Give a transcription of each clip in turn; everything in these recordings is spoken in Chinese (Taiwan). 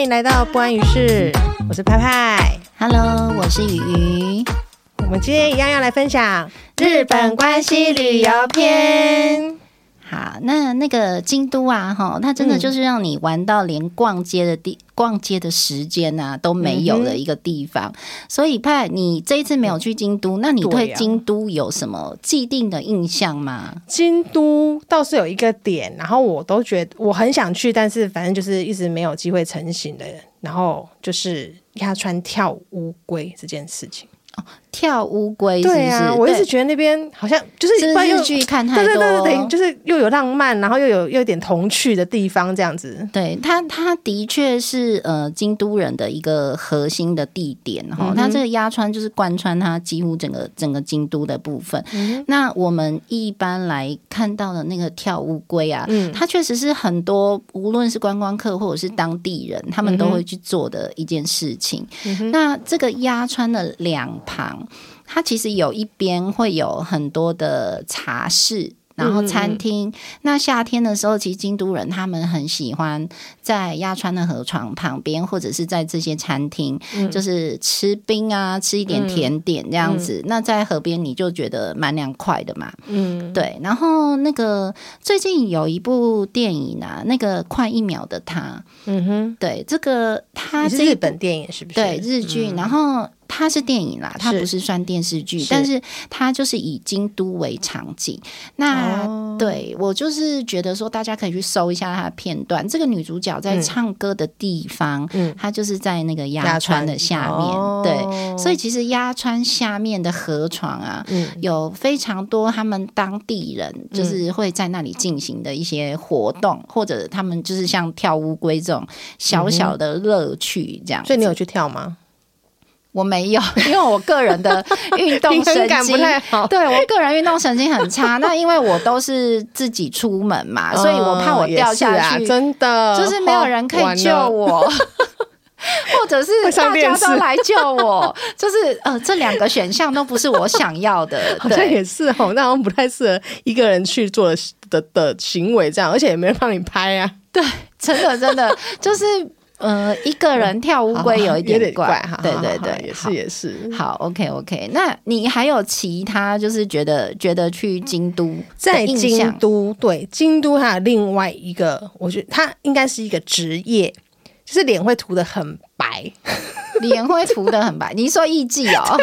歡迎來到不安於室，我是派派。Hello，我是魚魚。我們今天一樣要來分享日本關西旅遊篇。好，那那個京都啊，齁，它真的就是讓你玩到連逛街的地、嗯、逛街的時間啊都沒有的一個地方。嗯、哼所以派，你這一次沒有去京都，嗯、那你對京都有什麼既定的印象嗎？京都倒是有一個點，然後我都覺得我很想去，但是反正就是一直沒有機會成行的人，然後就是鴨川跳烏龜這件事情。哦，跳烏龜，對呀、啊，我一直覺得那邊對好像就是一般又去看太多，對對對對，就是又有浪漫，然後又有又有點童趣的地方這樣子。對，它它的確是呃京都人的一個核心的地點，哈，嗯、哼它這個鴨川就是貫穿它幾乎整個整個京都的部分。嗯、哼那我們一般來看到的那個跳烏龜啊，嗯，它確實是很多無論是觀光客或者是當地人，他們都會去做的一件事情。嗯、哼那這個鴨川的兩旁，它其實有一邊會有很多的茶室，嗯、然後餐廳。嗯、那夏天的時候，其實京都人他們很喜歡在鴨川的河床旁邊，或者是在這些餐廳，嗯、就是吃冰啊，吃一點甜點、嗯、這樣子。嗯、那在河邊，你就覺得蠻涼快的嘛。嗯，對。然後那個最近有一部電影啊，那個《快一秒的他》。嗯哼，對，這個他、這個、日本電影是不是？對，日劇。嗯、哼然後。它是電影啦，是它不是算電視劇，是但是它就是以京都為場景。是那、哦、對我就是覺得說，大家可以去搜一下它的片段。這個女主角在唱歌的地方，嗯、她就是在那個鴨川的下面。哦、對，所以其實鴨川下面的河床啊，嗯、有非常多他們當地人就是會在那裡進行的一些活動，嗯、或者他們就是像跳烏龜這種小小的樂趣這樣、嗯。所以你有去跳嗎？我沒有，因為我個人的運動神經 感不太好。對，我個人運動神經很差， 那因為我都是自己出門嘛，嗯、所以我怕我掉下去，啊、真的就是沒有人可以救我，哦、或者是大家都來救我，我就是呃這兩個選項都不是我想要的。對，好像也是哦，那我們不太適合一個人去做的的行為這樣，而且也沒人幫你拍啊。對，真的真的就是。呃，一個人跳烏龜有一點怪哈， 怪對，對對對，好好也是也是，好，OK OK，那你還有其他就是覺得覺得去京都印象，在京都對京都還有另外一個，我覺得他應該是一個職業，就是臉會塗得很白，臉 會塗得很白，你是說藝妓哦？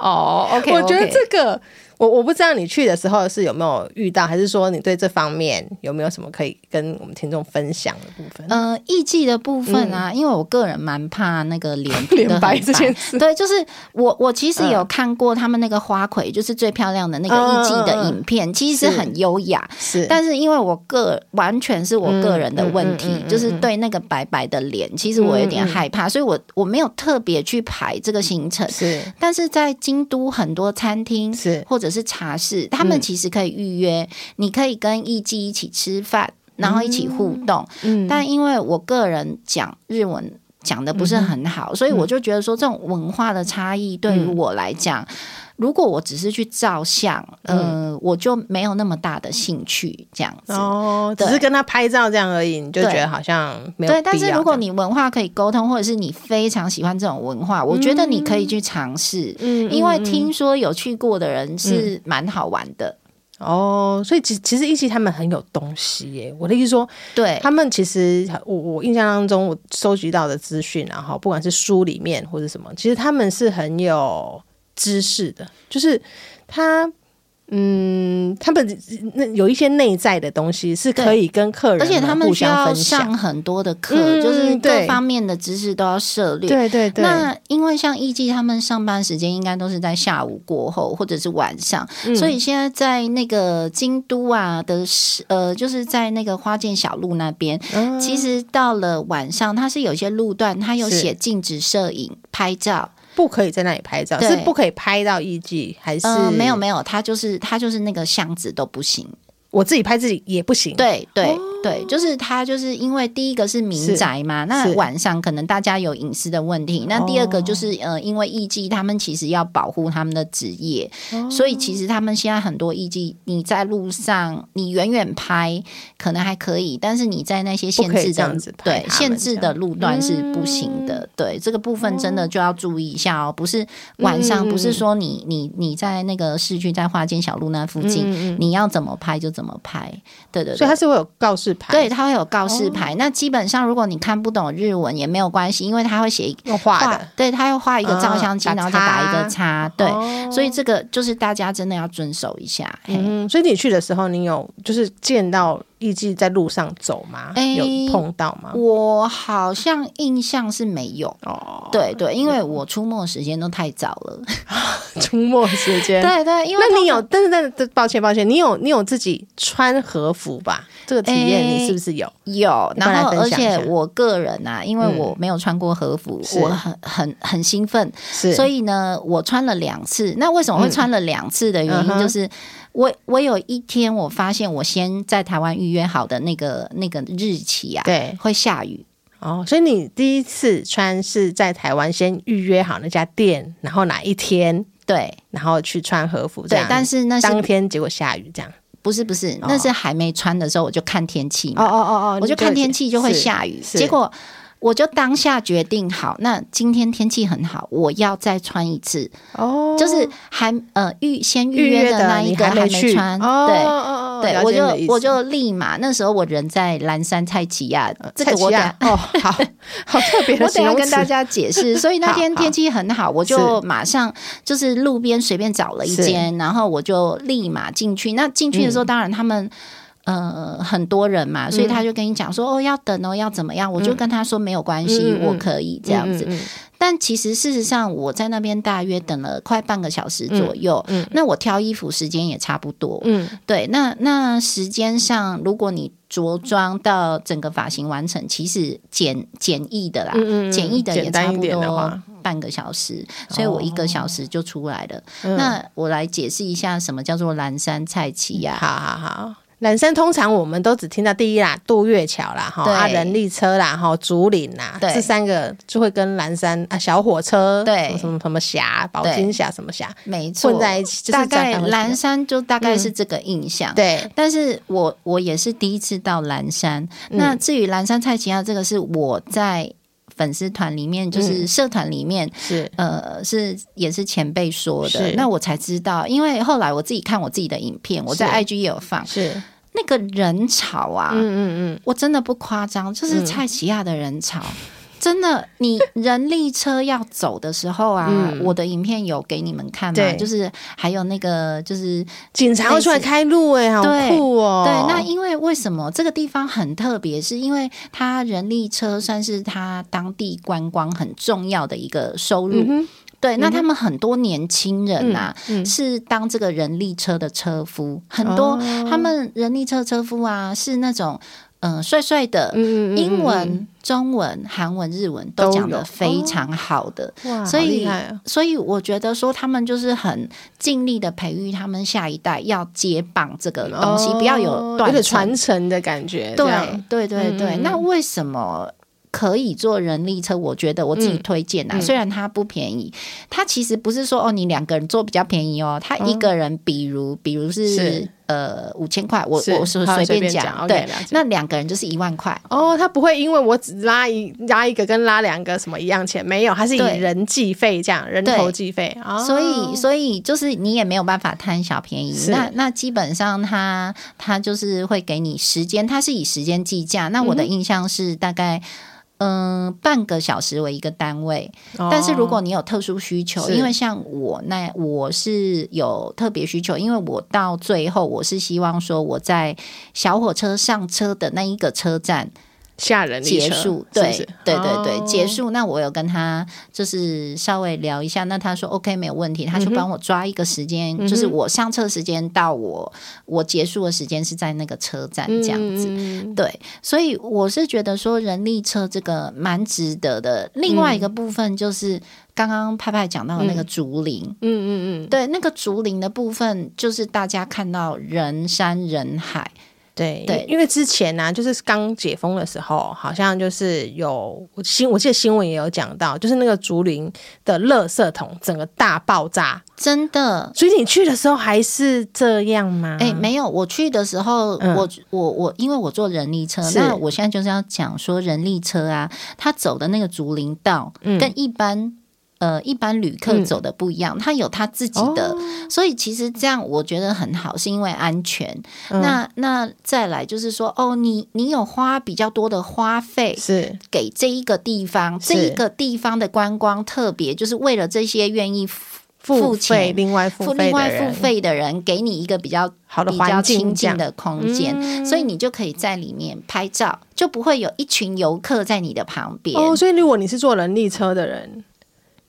哦，OK，我覺得這個。我我不知道你去的時候是有沒有遇到，還是說你對這方面有沒有什麼可以跟我們聽眾分享的部分？呃，藝妓的部分啊，嗯、因為我個人蠻怕那個臉臉白， 白這件事。對，就是我我其實有看過他們那個花魁，就是最漂亮的那個藝妓的影片，嗯嗯嗯嗯其實很優雅。是，但是因為我個完全是我個人的問題，就是對那個白白的臉，其實我有點害怕，嗯嗯所以我我沒有特別去排這個行程。是，但是在京都很多餐廳是或者。是茶室，他們其實可以預約，嗯、你可以跟藝妓一起吃飯，然後一起互動。嗯嗯、但因為我個人講日文。講的不是很好，嗯、所以我就覺得說，這種文化的差異對於我來講，嗯、如果我只是去照相，嗯、呃，我就沒有那麼大的興趣這樣子哦，對只是跟他拍照這樣而已，你就覺得好像沒有對。對，但是如果你文化可以溝通，或者是你非常喜歡這種文化，嗯、我覺得你可以去嘗試，嗯嗯嗯，因為聽說有去過的人是蠻好玩的。嗯哦，所以其其實藝妓他們很有東西耶。我的意思說，對他們其實，我我印象當中，我收集到的資訊，然後不管是書裡面或者什麼，其實他們是很有知識的，就是他。嗯，他們那有一些內在的東西是可以跟客人，而且他們需要上很多的課，嗯、就是各方面的知識都要涉獵。對對對。那因為像藝伎他們上班時間應該都是在下午過後或者是晚上，所以現在在那個京都啊的，呃，就是在那個花見小路那邊，嗯、其實到了晚上，它是有一些路段，它有寫禁止攝影是、拍照。不可以在那裡拍照，對是不可以拍到藝妓，還是？嗯，沒有沒有，他就是他就是那個巷子都不行。我自己拍自己也不行。對對對，就是他，就是因為第一個是民宅嘛，是那晚上可能大家有隱私的問題。是那第二個就是、哦、呃，因為藝伎他們其實要保護他們的職業，哦、所以其實他們現在很多藝伎，你在路上你遠遠拍可能還可以，但是你在那些限制的對，限制的路段是不行的。嗯、對這個部分真的就要注意一下哦，哦不是晚上，不是說你你你在那個市區，在花間小路那附近，嗯嗯嗯你要怎麼拍就怎麼拍。怎麼拍？對對對，所以他是會有告示牌，對他會有告示牌。哦、那基本上如果你看不懂日文也沒有關係，因為他會寫一個畫的，他對他要畫一個照相機，嗯、然後再打一個叉。X 對，哦、所以這個就是大家真的要遵守一下。嗯，嘿所以你去的時候，你有就是見到。預計在路上走嗎？欸、有碰到嗎？我好像印象是沒有哦。對對，因為我出沒時間都太早了。出沒時間？ 對對。因為，那你有？但是但是，抱歉抱歉，你有你有自己穿和服吧？這個體驗你是不是有？欸、有。然後然而且我個人啊，因為我沒有穿過和服，嗯、我很很很興奮。是所以呢，我穿了兩次。那為什麼會穿了兩次的原因就是。嗯嗯我我有一天我發現我先在台灣預約好的那個那個日期啊，對，會下雨哦，所以你第一次穿是在台灣先預約好那家店，然後哪一天對，然後去穿和服，對，但是那是當天結果下雨，這樣不是不是，那是還沒穿的時候我就看天氣嘛，哦哦哦哦，我就看天氣就會下雨，結果。我就當下決定好，那今天天氣很好，我要再穿一次。哦、就是還呃預先預約的那一個還沒穿對、哦、對，對，我就我就立馬。那時候我人在嵐山菜奇亞，菜、呃、奇亞哦，好好特別。我等一下跟大家解釋，所以那天天氣很好，好好，我就馬上就是路邊隨便找了一間，是然後我就立馬進去。那進去的時候，嗯、當然他們。呃，很多人嘛，所以他就跟你講說，哦，要等哦，要怎麼樣？我就跟他說沒有關係，我可以這樣子。但其實事實上，我在那邊大約等了快半個小時左右。那我挑衣服時間也差不多。嗯，對，那那時間上，如果你着裝到整個髮型完成，其實簡簡易的啦，簡易的也差不多半個小時。所以我一個小時就出來了。那我來解釋一下什麼叫做藍山菜奇呀？好好好。嵐山通常我們都只聽到第一啦，渡月橋啦，哈對啊人力車啦，哈竹林啦這對三個就會跟嵐山啊小火車，對什麼什麼峽保津峽、什麼峽，沒錯對混在一起，大在嵐山就大概是這個印象。嗯、對，但是我我也是第一次到嵐山，嗯、那至於嵐山蔡琴，亞這個是我在。粉絲團裡面就是社團裡面，嗯、是呃是也是前輩說的，是那我才知道，因為後來我自己看我自己的影片，是我在 IG 也有放，是那個人潮啊，嗯嗯嗯，我真的不誇張，就是蔡奇亞的人潮。嗯真的，你人力車要走的時候啊， 嗯、我的影片有給你們看嘛，對就是還有那個就是警察會出來開路、欸，哎對，好酷哦、喔！對，那因為為什麼這個地方很特別，是因為他人力車算是他當地觀光很重要的一個收入。嗯、哼對，那他們很多年輕人吶、啊，嗯嗯、是當這個人力車的車夫，很多他們人力車車夫啊，哦、是那種。嗯，帥帥的，英文、中文、韓文、日文都講的非常好的，哇，所以所以我覺得說他們就是很盡力的培育他們下一代，要接棒這個東西，不要有斷傳承的感覺，對對對對。那為什麼可以坐人力車？我覺得我自己推薦啊，雖然它不便宜，它其實不是說哦，你兩個人坐比較便宜哦，他一個人，比如比如是。呃，五千塊，我我是不是隨便講，便對，解那兩個人就是一萬塊。哦，他不會因為我只拉一拉一個跟拉兩個什麼一樣錢？沒有，他是以人計費這樣，對人頭計費。對哦。所以，所以就是你也沒有辦法貪小便宜。是那那基本上他他就是會給你時間，他是以時間計價。那我的印象是大概。嗯，半個小時為一個單位，哦，但是如果你有特殊需求，是因為像我那我是有特別需求，因為我到最後我是希望說我在小火車上車的那一個車站。嚇人！結束，是不是對，對，對，對，對、oh，對，對，結束。那我有跟他就是稍微聊一下，那他說 OK，沒有問題，他就幫我抓一個時間，mm hmm. 就是我上車時間到我我結束的時間是在那個車站這樣子。Mm hmm. 對，所以我是覺得說人力車這個蠻值得的。Mm hmm. 另外一個部分就是剛剛派派講到那個竹林，嗯嗯嗯，hmm. 對，那個竹林的部分就是大家看到人山人海。對，因為之前呢、啊，就是剛解封的時候，好像就是有新，我記得新聞也有講到，就是那個竹林的垃圾桶整個大爆炸，真的。所以你去的時候還是這樣嗎？哎、欸，沒有，我去的時候，嗯、我我我，因為我坐人力車，那是我現在就是要講說人力車啊，他走的那個竹林道，嗯、跟一般。呃，一般旅客走的不一樣，嗯、他有他自己的，哦、所以其實這樣我覺得很好，是因為安全。嗯、那那再來就是說，哦，你你有花比較多的花費，是給這一個地方，是這一個地方的觀光特別，就是為了這些願意付費、付另外付費、付另外付費的人，給你一個比較好的環境、比較清靜的空間，嗯、所以你就可以在裡面拍照，就不會有一群遊客在你的旁邊。哦，所以如果你是坐人力車的人，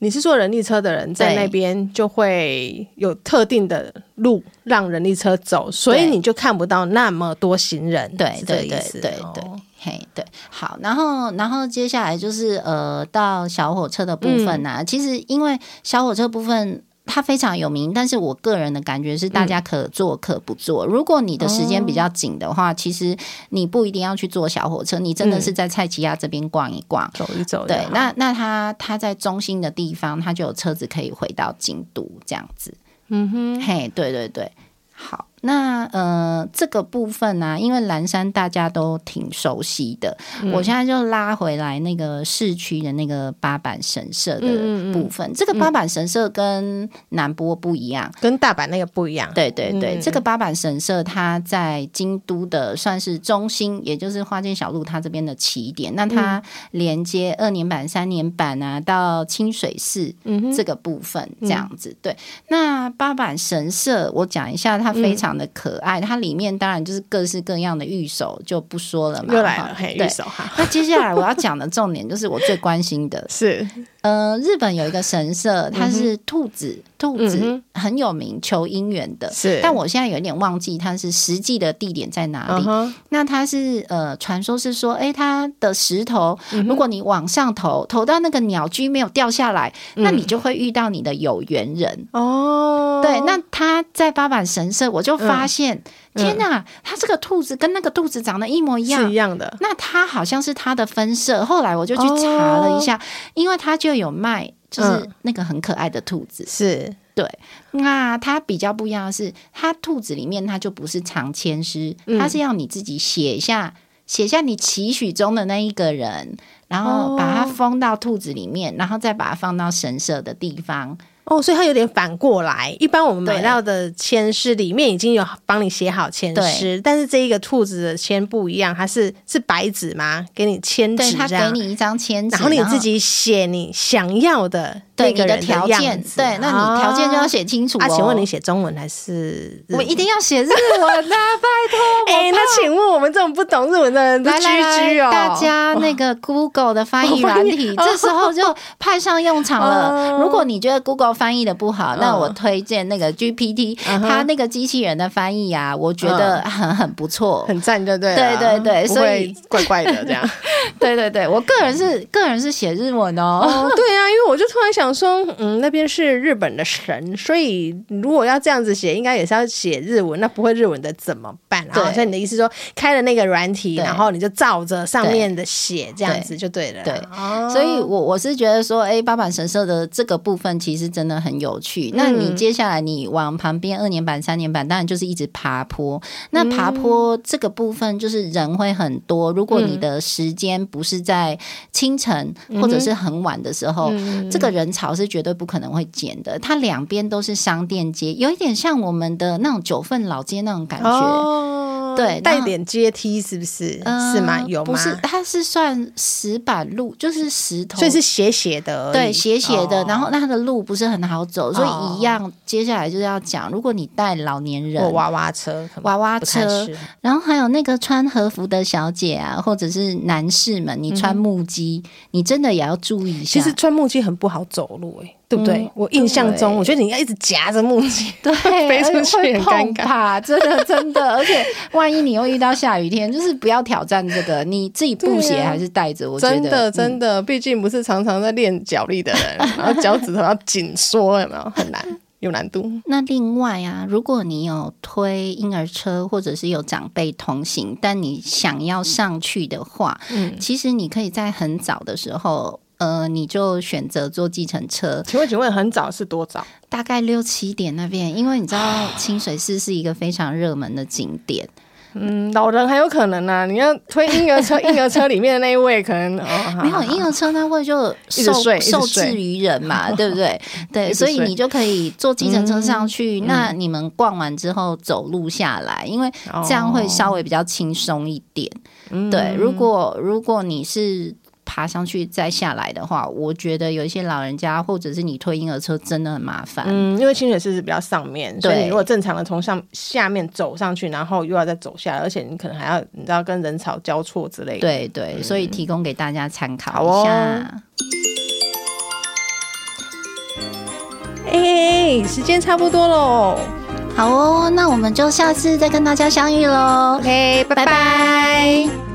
你是坐人力車的人，在那邊就會有特定的路讓人力車走，對，所以你就看不到那麼多行人。對，對，對，對，對，對，對，對，嘿，對。好，然後，然後接下來就是呃，到小火車的部分吶，啊。嗯，其實因為小火車部分。它非常有名，但是我個人的感覺是，大家可坐、嗯、可不坐。如果你的時間比較緊的話，哦、其實你不一定要去坐小火車，你真的是在蔡奇亞這邊逛一逛、嗯、走一走。對，那那他他在中心的地方，他就有車子可以回到京都這樣子。嗯哼，嘿，hey, 對對對，好。那呃，這個部分呢、啊，因為嵐山大家都挺熟悉的，嗯、我現在就拉回來那個市區的那個八坂神社的部分。嗯嗯、這個八坂神社跟南波不一樣，跟大阪那個不一樣。對對對，嗯、這個八坂神社它在京都的算是中心，嗯、也就是花見小路它這邊的起點。那它連接二年坂、三年坂啊，到清水寺這個部分、嗯嗯、這樣子。對，那八坂神社我講一下，它非常的。的可愛，它裡面當然就是各式各樣的御守，就不說了嘛。對吧？好嘿對，御守哈。那接下來我要講的重點，就是我最關心的 是。呃，日本有一個神社，它是兔子，嗯、哼兔子很有名，求姻緣的。是但我現在有點忘記它是實際的地點在哪裡？嗯、哼那它是呃，傳說是說，哎、欸，它的石頭，嗯、哼如果你往上投，投到那個鳥居沒有掉下來，嗯、那你就會遇到你的有緣人。哦，對，那它在八坂神社，我就發現。嗯天吶，他這個兔子跟那個兔子長得一模一樣，是一樣的。那它好像是它的分社，後來我就去查了一下，哦、因為它就有賣，就是那個很可愛的兔子。嗯、是，對。那它比較不一樣的是，它兔子裡面它就不是藏籤詩，它、嗯、是要你自己寫下，寫下你期許中的那一個人，然後把它封到兔子裡面，然後再把它放到神社的地方。哦，所以它有點反過來。一般我們買到的籤是裡面已經有幫你寫好籤詩，對但是這一個兔子的籤不一樣，它是是白紙嗎？給你籤紙這樣。對，他給你一張籤紙，然後你自己寫你想要的那個人的樣子，對、你的條件，對，那你條件就要寫清楚、哦。那、哦啊、請問你寫中文還是日文？我一定要寫日文的、啊， 拜託、欸。那請問我們這種不懂日文的人，大家那個 Google 的翻譯軟體，哦、這時候就派上用場了。 嗯、如果你覺得 Google 翻譯的不好，那我推薦那個 GPT，它、嗯、哼那個機器人的翻譯啊，我覺得很很不錯、嗯，很讚，對不對？對對對，所以怪怪的這樣， 對對對，我個人是、嗯、個人是寫日文哦，哦。對啊，因為我就突然想說，嗯，那邊是日本的神，所以如果要這樣子寫，應該也是要寫日文。那不會日文的怎麼辦？對、哦，所以你的意思說，開了那個軟體，然後你就照着上面的寫，對這樣子就對了。對，對哦、所以我，我我是覺得說，哎、欸，八坂神社的這個部分，其實真。那很有趣。那你接下來你往旁邊二年坂、三年坂，當然就是一直爬坡。那爬坡這個部分就是人會很多。如果你的時間不是在清晨或者是很晚的時候，這個人潮是絕對不可能會減的。它兩邊都是商店街，有一點像我們的那種九份老街那種感覺。哦對，帶點階梯是不是？呃、是嗎？有嗎？不是，它是算石板路，就是石頭，所以是斜斜的。對，斜斜的。哦、然後，那它的路不是很好走，所以一樣。哦、接下來就是要講，如果你帶老年人，或娃娃車、娃娃車，然後還有那個穿和服的小姐啊，或者是男士們，你穿木屐，嗯、你真的也要注意一下。其實穿木屐很不好走路、欸對不對？我印象中，我覺得你應該一直夾着木屐飛出去，很尷尬。真的，真的，而且萬一你又遇到下雨天，就是不要挑戰這個，你自己布鞋還是帶着？我真的，真的，畢竟不是常常在練腳力的人，然後腳趾頭要緊縮，有沒有？很難，有難度。那另外啊，如果你有推嬰兒車，或者是有長輩同行，但你想要上去的話，嗯，其實你可以在很早的時候。呃，你就選擇坐計程車。請問請問，很早是多早？大概六七點那邊，因為你知道清水寺是一個非常熱門的景點。嗯，老人很有可能啊，你要推嬰兒車，嬰兒車裡面的那一位可能哦，沒有嬰兒車那位就受受制於人嘛，對不對？對，所以你就可以坐計程車上去。那你們逛完之後走路下來，因為這樣會稍微比較輕鬆一點。對，如果如果你是。爬上去再下來的話，我覺得有一些老人家或者是你推嬰兒車真的很麻煩。嗯，因為清水寺是比較上面對，所以你如果正常的從上下面走上去，然後又要再走下來，而且你可能還要你知道跟人潮交錯之類的。對，對對，嗯、所以提供給大家參考一下。哎、哦欸，時間差不多嘍，好哦，那我們就下次再跟大家相遇嘍。嘿、okay，拜拜。